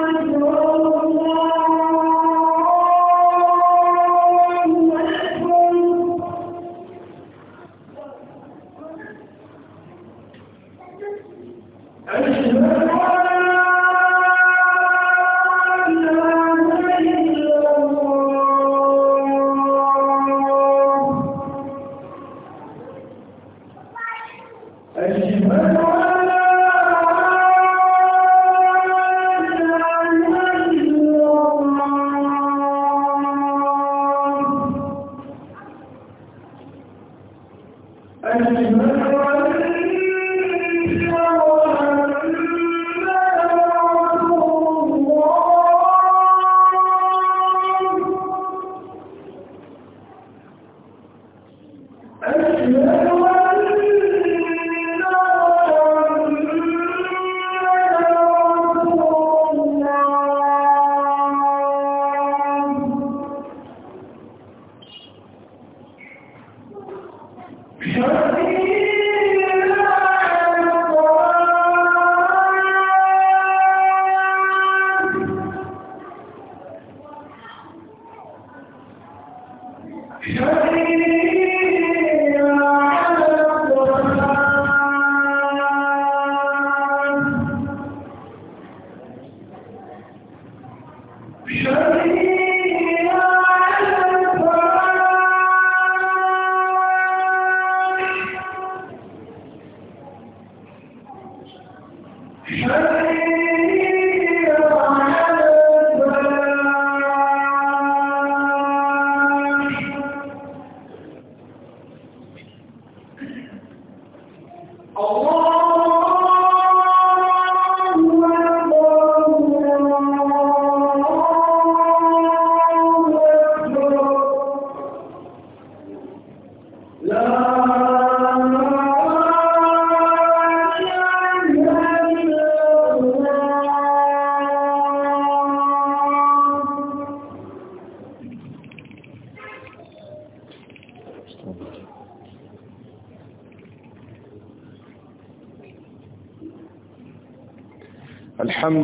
one grows ẹ̀ṣùn ẹ̀ṣùn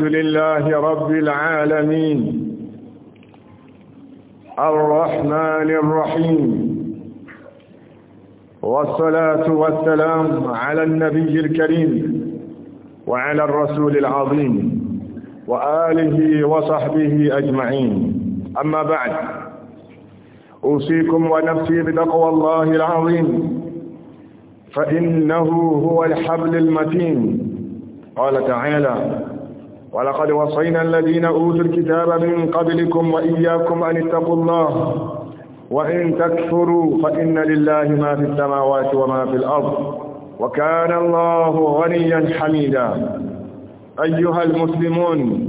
لله رب العالمين الرحمن الرحيم والصلاة والسلام على النبي الكريم وعلى الرسول العظيم وآله وصحبه أجمعين أما بعد أوصيكم ونفسي بتقوى الله العظيم فإنه هو الحبل المتين قال تعالى ولقد وصينا الذين أوتوا الكتاب من قبلكم وإياكم أن اتقوا الله وإن تكفروا فإن لله ما في السماوات وما في الأرض وكان الله غنيا حميدا أيها المسلمون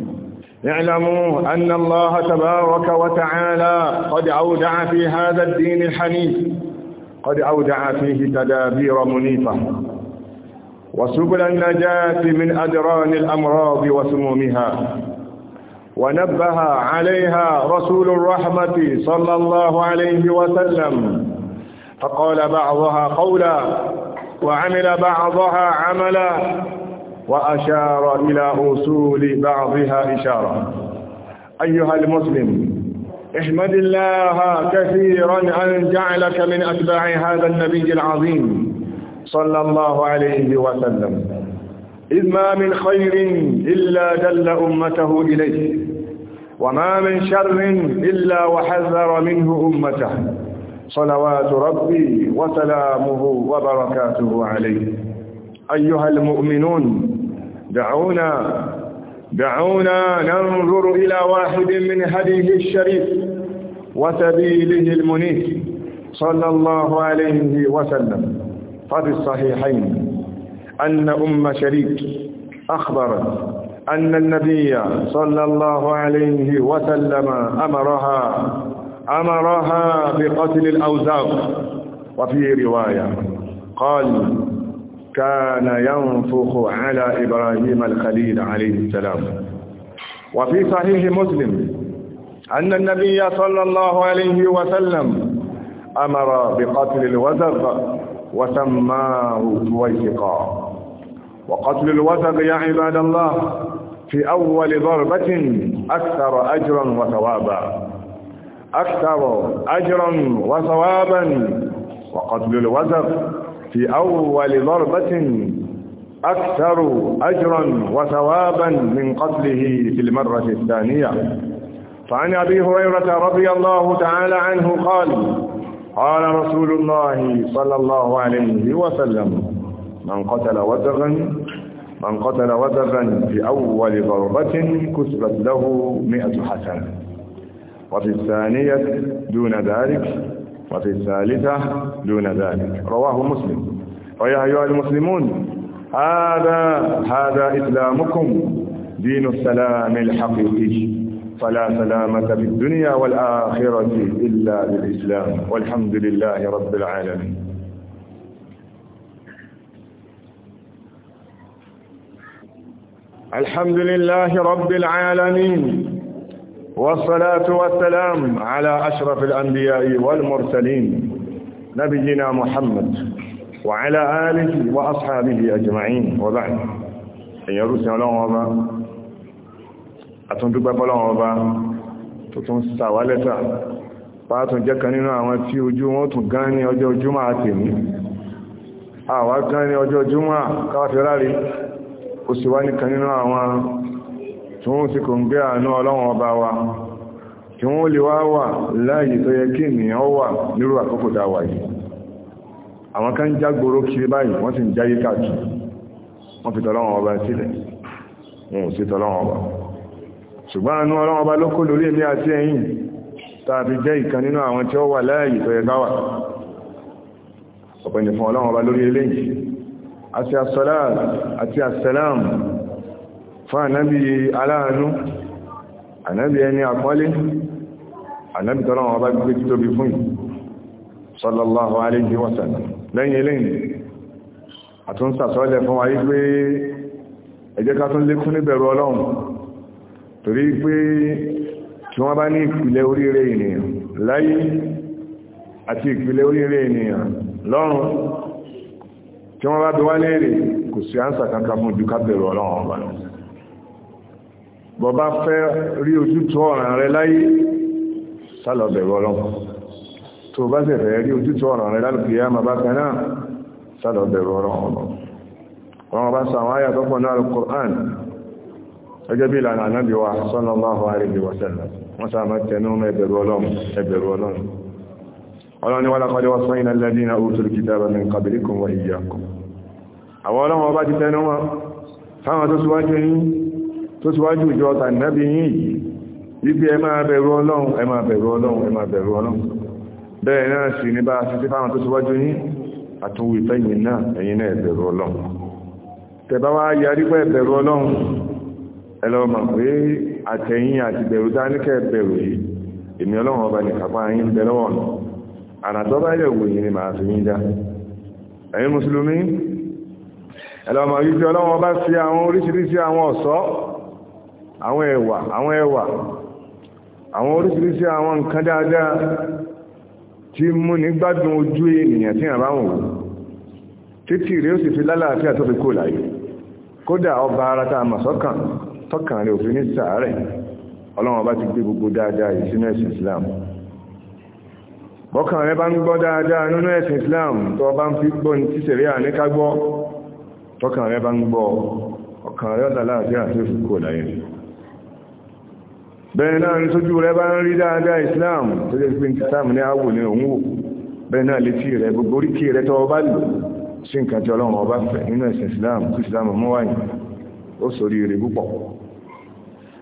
اعلموا أن الله تبارك وتعالى قد أودع في هذا الدين الحنيف قد أودع فيه تدابير منيفة وسبل النجاة من أدران الأمراض وسمومها ونبه عليها رسول الرحمة صلى الله عليه وسلم فقال بعضها قولا وعمل بعضها عملا وأشار إلى أصول بعضها إشارة أيها المسلم احمد الله كثيرا أن جعلك من أتباع هذا النبي العظيم صلى الله عليه وسلم إذ ما من خير إلا دل أمته إليه وما من شر إلا وحذر منه أمته صلوات ربي وسلامه وبركاته عليه أيها المؤمنون دعونا دعونا ننظر إلى واحد من هديه الشريف وسبيله المنيف صلى الله عليه وسلم ففي الصحيحين أن أم شريك أخبرت أن النبي صلى الله عليه وسلم أمرها أمرها بقتل الأوزاق وفي رواية قال كان ينفخ على إبراهيم الخليل عليه السلام وفي صحيح مسلم أن النبي صلى الله عليه وسلم أمر بقتل الوزغ وسماه الوثقا وقتل الوثق يا عباد الله في أول ضربة أكثر أجرا وثوابا أكثر أجرا وثوابا وقتل الوثق في أول ضربة أكثر أجرا وثوابا من قتله في المرة الثانية فعن أبي هريرة رضي الله تعالى عنه قال قال رسول الله صلى الله عليه وسلم من قتل وزغا من قتل وزغا في أول ضربة كسبت له مئة حسنة وفي الثانية دون ذلك وفي الثالثة دون ذلك رواه مسلم ويا أيها المسلمون هذا هذا إسلامكم دين السلام الحقيقي فلا سلامة في الدنيا والآخرة إلا بالإسلام والحمد لله رب العالمين الحمد لله رب العالمين والصلاة والسلام على أشرف الأنبياء والمرسلين نبينا محمد وعلى آله وأصحابه أجمعين وبعد أن يرسل الله àtún dúpẹ́ fọ́lọ́wọ́n ọba tó tún sàwálẹ́ta pàátùn jẹ́ kan nínú àwọn tí ojú wọn tún gán ní ọjọ́ ojúmọ́ àtèmí àwá gán ní ọjọ́ ojúmọ́ káwàfẹ́ráre ó sì wá nìkan nínú àwọn tí wọ́n sì kò ń gbé àánú ọlọ́wọ́n ọba wa kí wọ́n lè wá wà láàyè tó yẹ kí ènìyàn wà nírú àkókò dáwà yìí àwọn kan jágboro kiri báyìí wọ́n sì ń jáyé káàkiri wọ́n fi tọ́lọ́wọ́n ọba sílẹ̀ wọn ò tọ́lọ́wọ́n ọba ṣùgbọ́n àánú ọlọ́wọ́ bá lókó lórí èmì àti ẹ̀yìn tàbí jẹ́ ìkan nínú àwọn tí ó wà láàyè tó yẹ gáwà ọ̀pẹ̀lẹ̀ fún ọlọ́wọ́ bá lórí eléyìí àti àsọ́lá àti àsẹ́lám fún ànábì aláàánú ànábì ẹni àpọ́lé ànábì tọ́lọ́wọ́ bá gbé títóbi fún sallallahu alayhi wa sallam lẹ́yìn eléyìí àtúnsàsọ́lẹ̀ fún wáyé pé ẹjẹ́ ká tún lékún níbẹ̀rù ọlọ́run torí pé tí wọ́n bá ní ìpìlẹ̀ oríire ènìyàn láyé àti ìpìlẹ̀ oríire ènìyàn lọ́run tí wọ́n bá bí wá léèrè kò sí ánsà kankan fún ìdúkà bẹ̀rù ọlọ́run ọba bọ́ bá fẹ́ rí ojútùú ọ̀ràn rẹ láyé sálọ bẹ̀rù ọlọ́run tó bá sì fẹ́ rí ojútùú ọ̀ràn rẹ lálùkì yá ma bá kan náà sálọ bẹ̀rù ọlọ́run ọba wọn àyà tó pọ̀ náà gẹ́gẹ́ bí ìlànà ànábì wa sallallahu alaihi wa sallam wọ́n sáàmà tẹnu ẹbẹ̀rù ọlọ́run ọlọ́run ni wa laqad waṣṣayna alladhina utul kitaba min qablikum wa iyyakum àwọn ọlọ́run ọba ti tẹnu wọn fáwọn tó síwájú yín tó síwájú ìjọ ọ̀tà nábì yín yìí wípé ẹ máa bẹ̀rù ọlọ́run ẹ máa bẹ̀rù ọlọ́run ẹ máa bẹ́ẹ̀ náà sì ní bá sí fáwọn tó síwájú yín àtúnwò ìfẹ́yìn náà ẹ̀yin náà ẹ ọlọ́run tẹ̀bá wá yarí pé ẹ bẹ̀rù ọlọ́run ẹlọ ma pé àtẹ̀yìn àti bẹ̀rù dáníkẹ́ bẹ̀rù yìí èmi ọlọ́run ọba ní kápá yín ń bẹ ilẹ̀ òwò yìí ni màá fi yín dá ẹ̀yin mùsùlùmí ẹlọ ma wípé ọlọ́run ọba fi àwọn oríṣiríṣi àwọn ọ̀ṣọ́ àwọn ẹ̀wà àwọn ẹ̀wà àwọn oríṣiríṣi àwọn nǹkan dáadáa tí mú ní gbádùn ojú ènìyàn tí àbáwọn òun títì rí ó sì fi lálàáfíà tó fi kó láyé kódà ọba ara tá a mọ̀ sọ́kàn tọ́kàn rẹ̀ òfin ní sàárẹ̀ ọlọ́run bá ti gbé gbogbo dáadáa yìí sínú ẹ̀sìn islam bọ́kàn rẹ̀ bá ń gbọ́ dáadáa nínú ẹ̀sìn islam tó bá ń fi gbọ́ ní tíṣẹ̀rí àníkágbọ́ tọ́kàn rẹ̀ bá ń gbọ́ ọkàn rẹ̀ ọ̀dà láàáfíà tó fi kò láyé bẹ́ẹ̀ náà ní tójú rẹ̀ bá ń rí islam tó jẹ́ pé islam ní àwò ní òun wò bẹ́ẹ̀ náà létí rẹ̀ gbogbo oríkì islam tó islam mú wáyé ó sórí rẹ̀ púpọ̀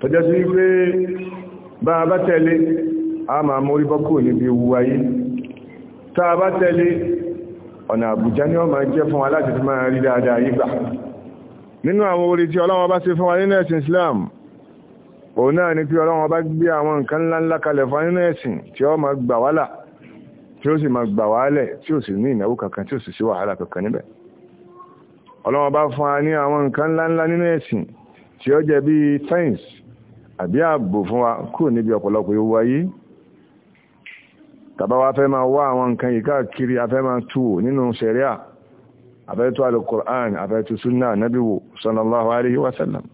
tọ́jọ́ sí wípé bá a bá tẹ̀lé a máa mórí bọ́kù níbi ewu ayé tá a bá tẹ̀lé ọ̀nà àbújá ní ọmọ jẹ́ fún wa láti fi máa rí dáadáa yígbà nínú àwọn orí tí Ọlọ́run bá ṣe fún wa nínú ẹ̀sìn Islam òun náà ni pé Ọlọ́run bá gbé àwọn nǹkan ńláńlá kalẹ̀ fún nínú ẹ̀sìn tí ó máa gbà wálà tí ó sì máa gbà wálẹ̀ tí ó sì ní ìnáwó kankan tí ó sì sí wàhálà kankan níbẹ̀ Ọlọ́run bá fún wa ní àwọn nǹkan ńláńlá nínú ẹ̀sìn tí ó jẹ́ bíi fẹ́ǹsì àbí ààbò fún wa kúrò níbi ọ̀pọ̀lọpọ̀ ewu ayé tàbá wa fẹ́ máa wá àwọn nǹkan yìí káàkiri afẹ́ máa tú wò nínú sẹ̀ríà afẹ́ alukur'an afẹ́ tú súnà nábì wò sallallahu alaihi wasallam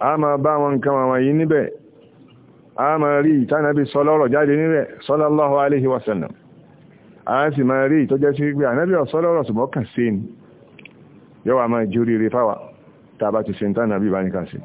a máa bá àwọn nǹkan wọn yìí níbẹ̀ a máa rí ìtànàbí sọlọ́rọ̀ jáde níbẹ̀ sallallahu alaihi wasallam a sì máa rí ìtọ́jẹ́ sí pé ànábì ọ̀sọ́lọ́rọ̀ ṣùgbọ́n kà sí ni yọ́wà máa jórí rí fáwà tàbá ti ṣe ń tànàbí sí ni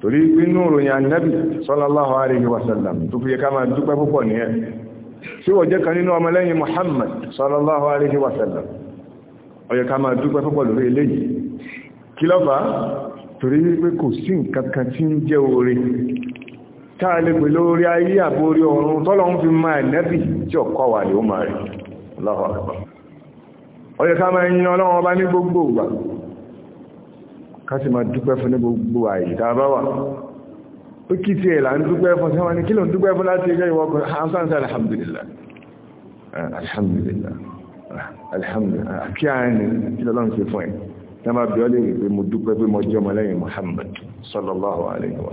torí pínú òròyìn ya sallallahu alaihi wasallam tó fi yẹ ká máa dúpẹ́ púpọ̀ ní ẹ tí wọ́n jẹ́ kan nínú ọmọlẹ́yìn Muhammad sallallahu alaihi wasallam ó yẹ ká máa dúpẹ́ púpọ̀ lórí eléyìí kí ló torí wípé kò sí nǹkan tí ń jẹ́ oore táà lè lórí ayé àborí ọ̀run fi yi kásì máa dúpẹ́ fún ní gbogbo àyè tàbá wà ó kí tí ẹ̀là ń dúpẹ́ fún sẹ́wọ́n ní kí ló ń dúpẹ́ fún láti ẹjọ́ ìwọ́kùn hamsansa alhamdulillah ah, alhamdulillah ah, alhamdulillah ah, kí a ní kí lọ́lọ́n fi fún ẹ̀ ní ma bí ọ lè rí pé mo dúpẹ́ pé mo jẹ́ ọmọlẹ́yìn Muhammad sallallahu alaihi wa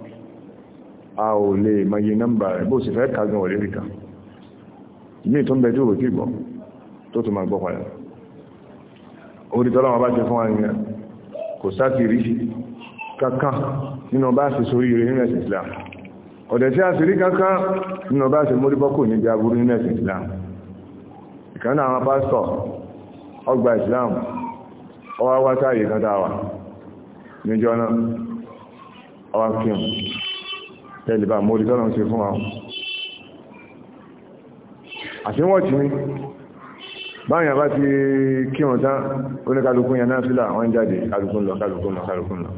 a ò lè mọye nọ́mbà rẹ̀ bó sì fẹ́ kàgbọn wọ̀lé ríkà mí tó ń bẹ tí ò tí gbọ́ tó tó máa gbọ́ padà orí bá jẹ fún wa kò sáti rí kankan nínú bá ṣe sórí rẹ̀ nínú ẹ̀sìn Islam ọ̀dẹ̀ tí a sì rí kankan nínú bá mórí bọ́kù níbi aburú Islam ìkan náà àwọn pásítọ̀ ọgbà Islam ọwá wá sáàyè kan níjọ náà tẹ́lẹ̀bà mórí tọ́lọ̀ ṣe fún àwọn àṣíwọ̀tí ní báyìí bá ti kí wọn tán oníkàlùkún yà náà fílà wọ́n jáde kàlùkún lọ kàlùkún lọ kàlùkún lọ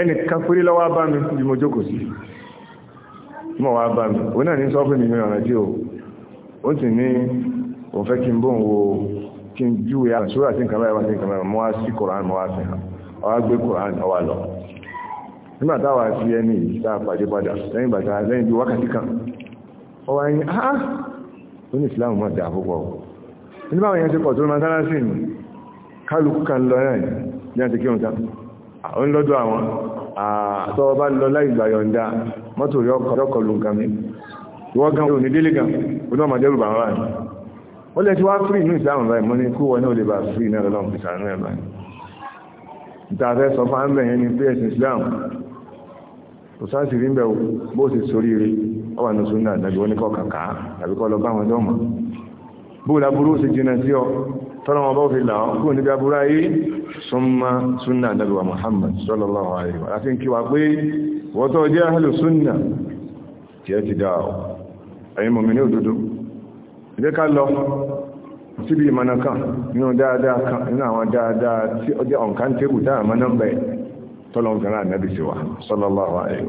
ẹni kápírí lọ́wọ́ bá mi bí mo jókòó sí mọ́ wá bá mi ó náà ní sọ fún mi ọ̀nà tí ó ó sì ní òun fẹ́ kí n bóun wo kí n júwe àṣúrà sí nǹkan báyìí wá sí nǹkan báyìí mọ́ wá sí kòrán mọ́ wá nígbà táwà sí ẹni ìta pàdé padà lẹ́yìn bàtà lẹ́yìn bí wákàtí kan ọwà yìí ha ó ní ìsìláàmù mọ́ dà púpọ̀ nígbà wọ́n yẹn ti pọ̀ tó máa sára sí ní kálukú kan lọ náà ní àti kí òǹta àwọn lọ́dọ̀ àwọn àtọwọ́ bá lọ láì gbà yọ̀ǹda mọ́tò yọkọ̀lù nǹkan mi wọ́n gan òní délé gan oní ọmọdé rúbà wà ní ó lẹ́ ti wá fírí inú ìsìláàmù báyìí mọ́ ní kú wọn náà lè bá fírí náà lọ́wọ́ ìsànú ẹ̀ báyìí ìtàfẹ́ sọ fáńbẹ̀ yẹn ni pé ẹ̀sìn ìsìláàmù kò sáàsì rí mbẹ̀ bó sì sórí rí ọwà ní oṣù náà nàbí oníkọ̀ kàkà tàbí kọ́ lọ bá wọn dọ́mà bó ọ tọ́lọ wọn bá fi là ọ kúrò níbi aburú ayé súnmá súnà nàbí wa Muhammad sallallahu alaihi wa láti ń kí wa pé wọ́n jẹ́ súnà tí ẹ ti dá ọ mọ̀mí ní kan nínú dáadáa kan nínú àwọn dáadáa tí ọjọ́ dáa mọ́nà tọ́lọ́run kan náà nẹ́bí sí wa sallallahu alaihi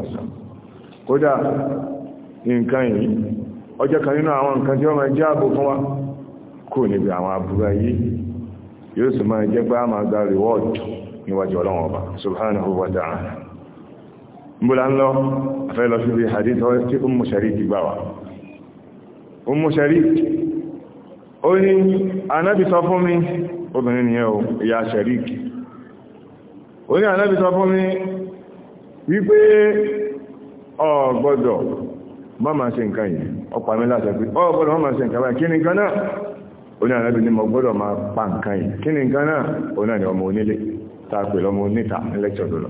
kódà nǹkan yìí ọjọ́ kan nínú àwọn nǹkan tí wọ́n máa jẹ́ ààbò fún wa kò níbi àwọn àbúrò ayé yóò sì máa jẹ́ pé a máa gba reward níwájú ọlọ́run ọba subhanahu wa oní ànábì sọ fún mi wípé ọ̀gbọ́dọ̀ má ṣe nǹkan yìí ọpa láti pé ṣe nǹkan báyìí kí ni nǹkan náà oní ànábì ni mo gbọ́dọ̀ máa pa nǹkan yìí kí ni nǹkan náà oní ànábì ọmọ onílé tá a pè lọ́mọ lẹ́kṣọ̀ tó lọ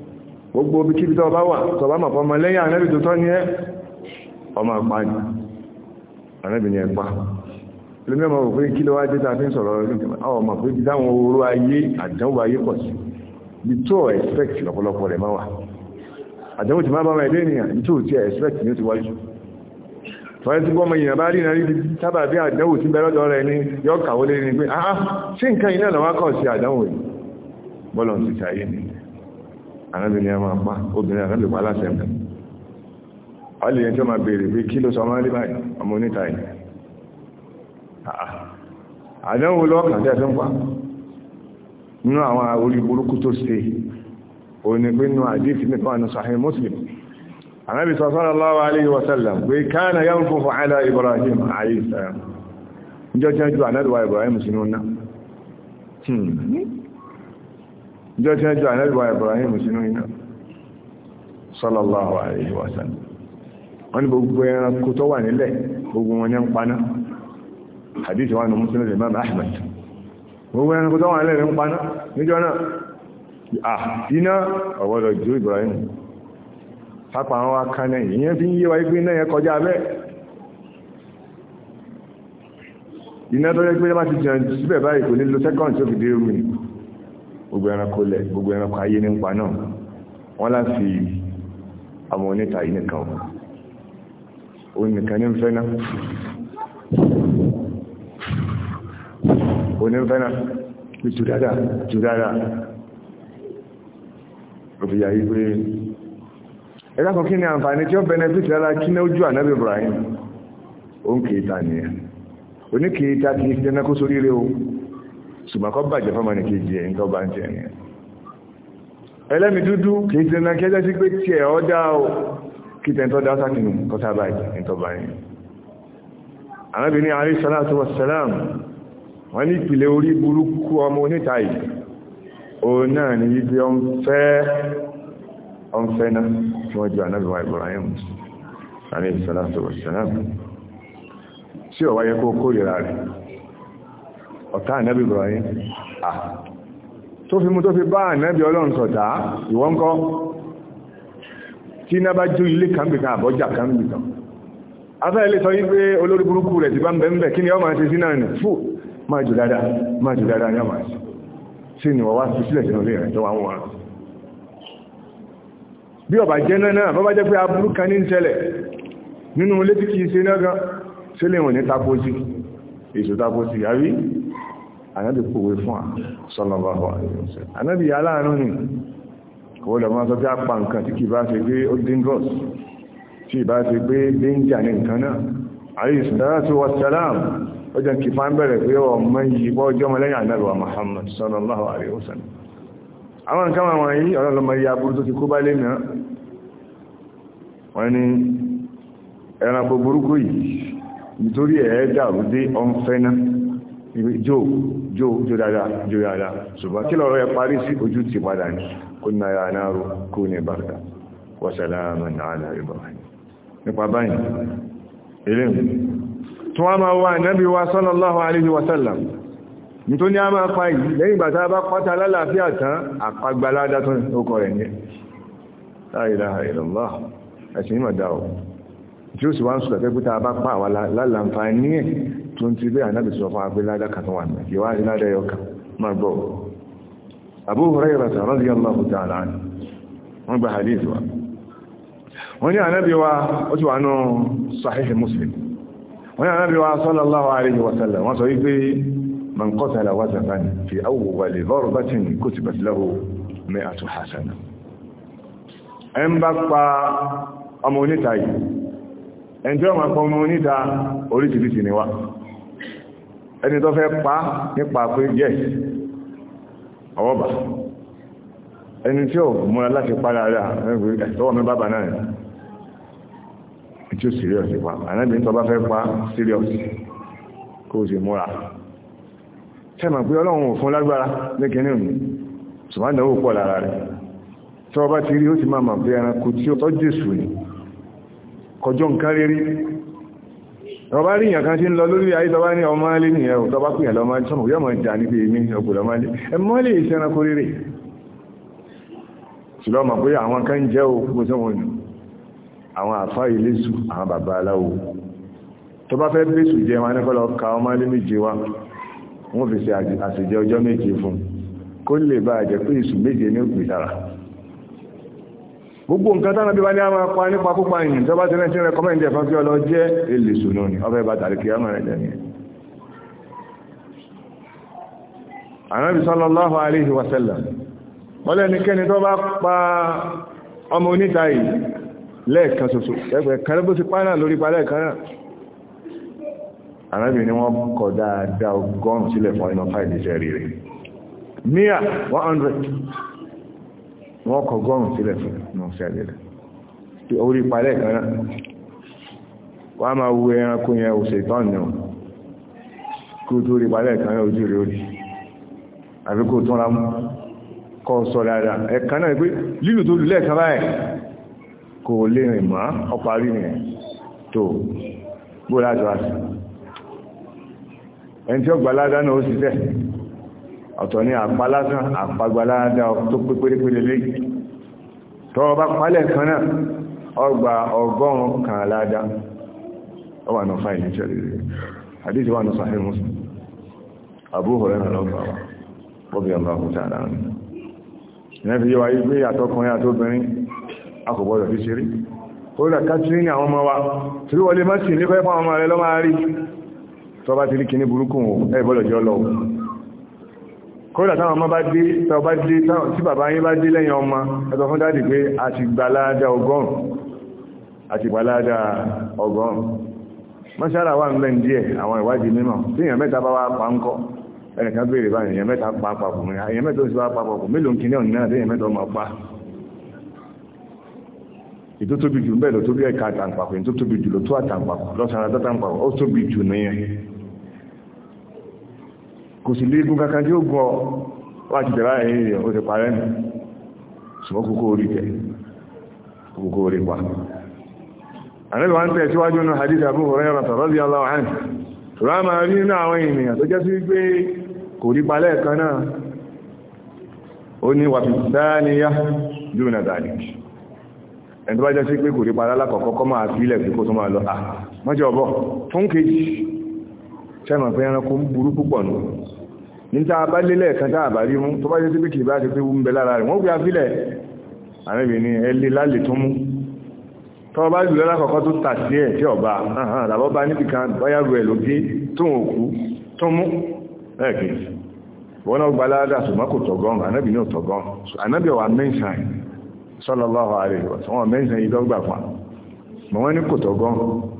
gbogbo obi kíbi tó bá wà tó bá màpọ̀ ọmọ lẹ́yìn ànábì tó tọ́ ní ẹ́ ọmọ àpá ní ànábì ní ẹ̀pá lómi ọmọ òfin kí ló wá dé tàbí sọ̀rọ̀ ọmọ pé bí dáwọn oró ayé àdánwò ayé pọ̀ sí bí tó expect lọ́pọ̀lọpọ̀ rẹ̀ máa wà àdánwò ti máa bá ẹ̀dẹ́ ènìyàn bí tó ti expect ní ó ti wájú tọ́lẹ́ tí bọ́mọ èèyàn bá rí ìrìn rí sábà bí àdánwò ti bẹ̀rẹ̀ rẹ̀ ní yọ́ kàwó lé ní pé ah ṣé nǹkan iná lọ́wọ́ kọ̀ sí àdánwò yìí bọ́lọ̀ ti ṣàyé ni àrẹ́bì ni a sọ àdánwò lọ́ọ̀kà tí a ti pa nínú àwọn orí burúkú tó ṣe òní nínú àdífì nípa àwọn Sahih Muslim àrẹ́bì sọ sallallahu alayhi wa sallam pé Ibrahim jọ tí ẹjọ́ àlẹ́gbà Ibrahim sínú iná sallallahu alaihi wọ́n ni gbogbo ẹranko tó wà nílẹ̀ gbogbo wọn ní ń paná wa ní gbogbo ẹranko tó wà nílẹ̀ ń paná níjọ́ náà iná Ibrahim pápá àwọn ìyẹn fi ń náà yẹ kọjá iná tó yẹ pé ti jẹun síbẹ̀ báyìí kò ní gbogbo ẹranko lẹ̀ gbogbo ẹranko ayé nípa náà wọ́n láti àwọn oníta yìí nìkan o nìkan ní fẹ́ náà o ní fẹ́ náà pé jù dáadáa jù dáadáa òfìyà yìí pé ẹ̀dá kan kí ni àǹfààní tí ó benefit lára kí ní ojú ànábì Ibrahim ó ń kèéta nìyẹn oníkèéta kìí ṣe ẹnẹ́kó sórí rẹ̀ o ṣùgbọ́n kọ́ bàjẹ́ fọ́mọ ní kejì ẹ̀ nítọ́ bá ń tẹ̀ ní ẹlẹ́mi dúdú kìí tẹ́ na kẹ́jẹ́ sí pé tí ẹ̀ ọ́ dá o kí tẹ́ tọ́ dá sákìnù kọ́ sábà jẹ́ nítọ́ bá yìí arábìnrin àrí sọ́láàtù wọ́sálàm wọ́n ní ìpìlẹ̀ orí burúkú ọmọ oníta Ibrahim àrí sọ́láàtù wọ́sálàm tí ọ̀wáyẹ kó kórìíra ọ̀tá ànẹ́bì Ibrahim ah. tó fi mú tó fi bá ànẹ́bì ọlọ́run sọ̀tá ìwọ́n kọ́ tí iná bá jó ilé kan bìkan àbọ́jà kan bìkan afẹ́ ilé sọ yí pé olórí burúkú rẹ̀ ti bá ń bẹ̀ ń bẹ̀ kí ni ọ máa ṣe sí náà nì fú máa jù dáadáa máa jù dáadáa ní ọmọ àti sí ni wọ́n wá fi sílẹ̀ ànábì kòwé fún à sallallahu alaihi ànábì yà láàánú ni lọ máa sọ pé apá nǹkan tí kì bá ṣe pé ó dangerous tí ì bá ṣe pé danger ní nǹkan náà alayhi salatu wassalam ó jẹ́ kí ń bẹ̀rẹ̀ pé ọ mọ iyì pọ́ ọjọ́ ọmọ jó jó dáadáa jó dáadáa ṣùgbọ́n kí lọ́rọ̀ ẹ parí sí ojú ti padà ní kó ní ara náàrù kó ní bàtà wọ́sàlámà náà Ibrahim nípa báyìí ilé wa alaihi wasallam nító ní a máa pa yìí lẹ́yìn bàtà bá pátá lálàáfíà tán àpagbáládá tó ókọ rẹ̀ ní la ilaha illallah ẹ̀sìn ìmọ̀dá ọ̀ tí ó sì wá ń sùlọ̀ bá pa àwọn ní ẹ̀ tó ń ti bí ànábì sọ fún agbé ládá kan wà náà yíwá ní ládá yọkà máa gbọ́ Abu Hurairah radiyallahu ta'ala anhu wọ́n gba hadith wa wọ́n ní ànábì wa ó ti wà nù Sahih Muslim wọ́n ní ànábì wa sallallahu alayhi wa sallam wọ́n sọ wípé man qatala fi ẹni tí ó máa pọ̀ mú níta oríṣiríṣi ni wá ẹni tó fẹ́ pa nípa pé yes ọwọ́bà ẹni tí ó múra láti padà rẹ̀ ẹ̀tọ́wọ́ mi bábà náà tí ó serious pa ànábì tó bá fẹ́ pa serious kó o sì múra tẹ́mà pé ọlọ́run ò fún lágbára lẹ́kẹ́ni òní ṣùgbọ́n ìdánwò pọ̀ lára rẹ̀ tọ́ọ̀bá ti rí ó ti máa mọ̀ pé ẹranko tí ó tọ́jú èsù ni kọjọ́ nǹkan rírí ọba rí ìyàn kan sí ń lọ lórí ayé tọba ní ọmọ alé ní ẹ̀rùn tọba pìyàn lọ máa sọ́mù yọ́mọ̀ ìjà ní pé èmi ọgbọ̀lọ́ máa lé ẹmọ́ lè ṣẹranko rírì ṣùgbọ́n mọ̀ pé àwọn kan jẹ́ ogun tó wọn àwọn àfá ilésù àwọn bàbá aláwo tó bá fẹ́ bẹ́sù jẹ wọn ní kọ́lọ gbogbo nǹkan tánà bí wá ní àwọn apá nípa púpà yìnyín tó bá ti rẹ́ntí rẹkọmẹ́ndì ẹ̀fọn kí ọlọ jẹ́ èlè sùnú ni ọbẹ̀ bá tàrí kí ọmọ rẹ̀ jẹ́ yẹn Ànábì sallallahu alaihi wa sallam wọ́lẹ̀ nìkẹ́ni tó bá pa ọmọ oníta yìí lẹ́ẹ̀kan ṣoṣo ẹgbẹ̀ kẹrẹ́bó sí pánà lórí pa lẹ́ẹ̀kan náà Ànábì ni wọ́n kọ dáadáa ọgọ́rùn-ún sílẹ̀ fún wọ́n kọ gọ́rùn sílẹ̀ fún ní ọ̀sẹ̀ àjẹ́lẹ̀ tí orí palẹ̀ kan náà wọ́n a máa wo ẹranko yẹn òsè tán kí o tó rí palẹ̀ kan náà ojú rẹ̀ orí àbí kó tán lámú kọ́ sọ dáadáa ẹ̀kan náà pé lílù tó lulẹ̀ kan báyìí kò lè rìn mọ́ ọparí rẹ̀ tó bó láti wá sí ẹni tí ó gbà ládàá náà ó ṣiṣẹ́ ọ̀tọ̀ ní àpá lásán àpagbàládá tó pé pérépéré lé tọ́ ọba pálẹ̀ kan náà ọgbà ọgọ́rùn kan aládá ọwà náà fáìlì ìṣẹ́lẹ̀ rẹ̀ àdíjì wà náà sàfẹ́ mọ́sí Abu Hurairah lọ́gbàwà bọ́bí ọba ọkùnrin àdára rẹ̀ ìyẹn fi yíwa yí pé àtọkùnrin àtóbìnrin akọ̀bọ̀dọ̀ fi ṣeré orí àkátí ní àwọn ọmọ wa tí wọlé má sì ní kọ́ ẹ̀pọ̀ àwọn kódà táwọn ọmọ bá dé tọba dé tí bàbá yín bá dé lẹ́yìn ọmọ ẹ̀tọ́ fún dáàdì pé a ti gbaláadà ọgọ́rùn àti gbaláadà ọgọ́rùn mọ́ṣára wà ń bẹ́ díẹ̀ àwọn ìwádìí mímọ̀ tí èèyàn mẹ́ta bá wá pa ń kọ́ ẹnìkan béèrè báyìí èèyàn mẹ́ta pa papọ̀ mi èèyàn mẹ́ta ó sì wá pa papọ̀ mélòó kìíní ọ̀nà náà téèyàn mẹ́ta ọmọ pa ètò tóbi jù ń bẹ́ẹ̀ lọ tóbi ẹ̀ka àtàǹpàpọ̀ ètò tóbi jù lọ tó àtàǹpàpọ̀ lọ́sàn-án kò sì léegun kankan tí ó gọ láti jẹ láàrin rẹ̀ ó ti parẹ́ nù ṣùgbọ́n kókó orí jẹ kókó orí pa àrẹ́lẹ̀ wá tẹ̀ síwájú nù hadith Abu Hurairah radiyallahu anhu ṣùgbọ́n a máa rí nínú àwọn ènìyàn tó jẹ́ sí pé kò rí palẹ́ kan náà ó ní wàfi sáníyá dúnà dàní ẹni tó bá jẹ́ sí pé kò rí palẹ́ alákọ̀ọ́kọ́ kọ́ máa fi ilẹ̀ ah, ẹranko ń burú púpọ̀ nù níta bá lélẹ̀ kan tá àbá rí mú tó bá jẹ́ sí pé kìí bá ṣe pé wú ń bẹ lára rẹ̀ wọ́n gbé afílẹ̀ àrẹ́bì ni ẹlẹ́ lálẹ́ tó mú tọ́ bá jù lọ́lá kọ̀kọ́ tó tà sí ẹ̀ tí ọba àlàbọ́ bá níbi kan báyà rú ẹ̀ lókè tó ń òkú tó mú ẹ̀kejì wọ́n náà gba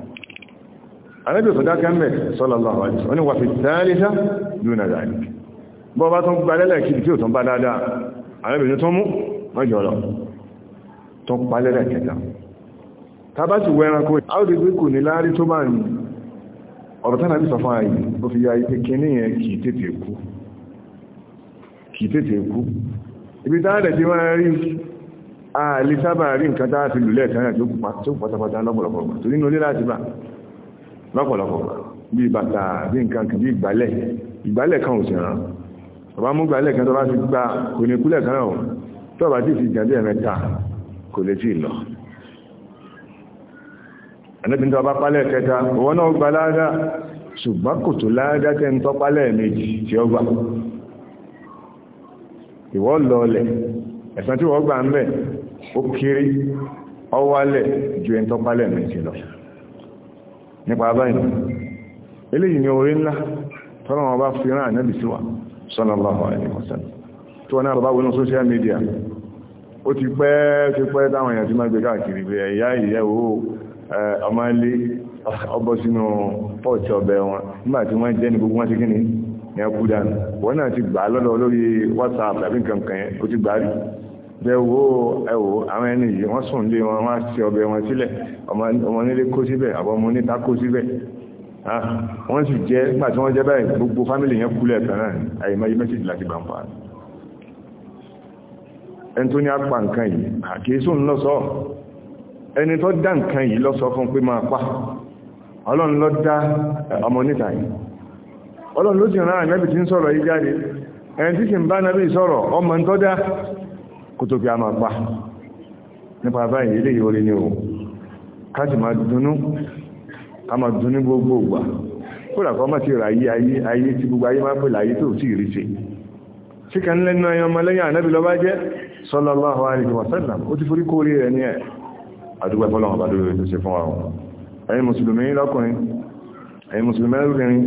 anábì òsọ̀dá kẹ́mẹ̀ sallallahu alaihi wasallam ní wà fi thalisa duna zalik bọ́ bá tún gbalẹ́lẹ̀ kìí tí ó tún bá dáadáa anábì ní tún mú mọ́jọ lọ tún palẹ́lẹ̀ kẹta tàbá sì wọ ẹranko áwùdígbé kò ní láárí tó bá ní ọ̀rọ̀ tánà bí sọfán ayé ó fi ya ike kí níyẹn kìí tètè kú kìí tètè kú ibi táàdẹ̀ tí wọ́n rí ààlè lọ́pọ̀lọpọ̀ bí bàtà bí nǹkan bí ìgbálẹ̀ ìgbálẹ̀ kan ò sì rán ọba mú gbálẹ̀ kan tó bá ti gba kò ní kúlẹ̀ kan náà tó bá ti fi jàndé ẹ̀mẹ́ta kò lè tí lọ ẹ̀nẹ́bí tó bá pálẹ̀ kẹta owó náà gba láàdá ṣùgbọ́n kò tó láàdá tẹ́ ń tọ́ pálẹ̀ méjì tí ó gbà ìwọ́ lọlẹ̀ ẹ̀sán tí wọ́n gbà ń bẹ̀ ó kéré ọwálẹ̀ ju ẹ̀ntọ́pálẹ̀ méjì lọ nípa báyìí eléyìí ni orí ńlá tọ́lọ́wọ́ bá fi rán ànábì sí wa sallallahu alaihi wasallam tí wọ́n náà bá wọnú social media ó ti pẹ́ ti pẹ́ táwọn èèyàn ti máa gbé káàkiri pé ẹ̀yà ìyẹ́wò eh, ọmọ ilé ọbọ̀ sínú pọ́ọ̀tì ọbẹ̀ wọn nígbà tí wọ́n jẹ́ ní gbogbo wọn ti bẹ̀wò ẹ̀wò àwọn ẹni yìí wọ́n sùn lé wọn wá sí ọbẹ̀ wọn sílẹ̀ ọmọ nílé kó síbẹ̀ àbọ̀ ọmọ níta kó síbẹ̀ wọ́n sì jẹ́ nígbà tí wọ́n jẹ́ báyìí gbogbo fámìlì yẹn kú lẹ́ẹ̀kan náà àyèmáyé mẹ́sìlì láti bá ń fa ẹni tó ní apá nǹkan yìí àkíyèsùn lọ sọ ẹni tó dá nǹkan yìí lọ sọ fún pé máa pa ọlọ́run ló dá ọmọ níta yìí ọlọ́run ló sì rán kó tó fi a máa pa nípa báyìí ilé ìwọlé ni o káàkiri máa dunú ká máa dunú gbogbo ìgbà kódà kọ́ máa ti rà ayé ayé ayé tí gbogbo ayé máa pèlè ayé tó tí ì rí ṣe síkà ńlẹ́nu ẹyọ ọmọlẹ́yìn ànábì lọ bá jẹ́ sallallahu alaihi wa sallam ó ti forí kórí rẹ̀ ní ẹ̀ àdúgbà fọ́lọ́wọ̀n bá lórí tó ṣe fún wa ẹ̀yin mùsùlùmí lọ́kùnrin ẹ̀yin mùsùlùmí lọ́kùnrin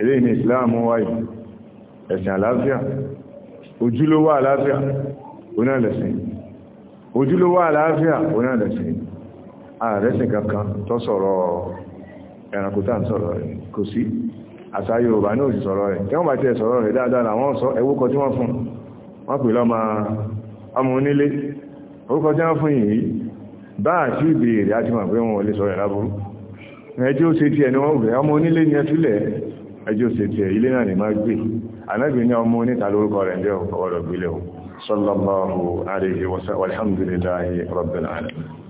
eléyìí ni ìsìláàmù wáyìí ẹ̀sìn àlàáfíà ojúlówó àlàáfíà onáàlẹ̀sìn ojúlówó àlàáfíà onáàlẹ̀sìn ààrẹ́sìn kankan tó sọ̀rọ̀ ẹranko tá ń sọ̀rọ̀ rẹ̀ kò sí àṣà Yorùbá náà sì sọ̀rọ̀ rẹ̀ tí wọ́n bá tẹ́ sọ̀rọ̀ rẹ̀ dáadáa làwọn sọ ẹwúkọ tí wọ́n fún wọ́n pè lọ́mọ ọmọ onílé orúkọ tí wọ́n ẹjọ́ ṣe tiẹ̀ ni wọ́n rẹ̀ ọmọ onílé ní ẹtúlẹ̀ ẹjọ́ ó ilé náà ní má gbé ànágbé ní ọmọ oníta lórúkọ rẹ̀ ń jẹ́ ọ̀rọ̀ gbélé o صلى الله عليه وسلم والحمد لله رب العالمين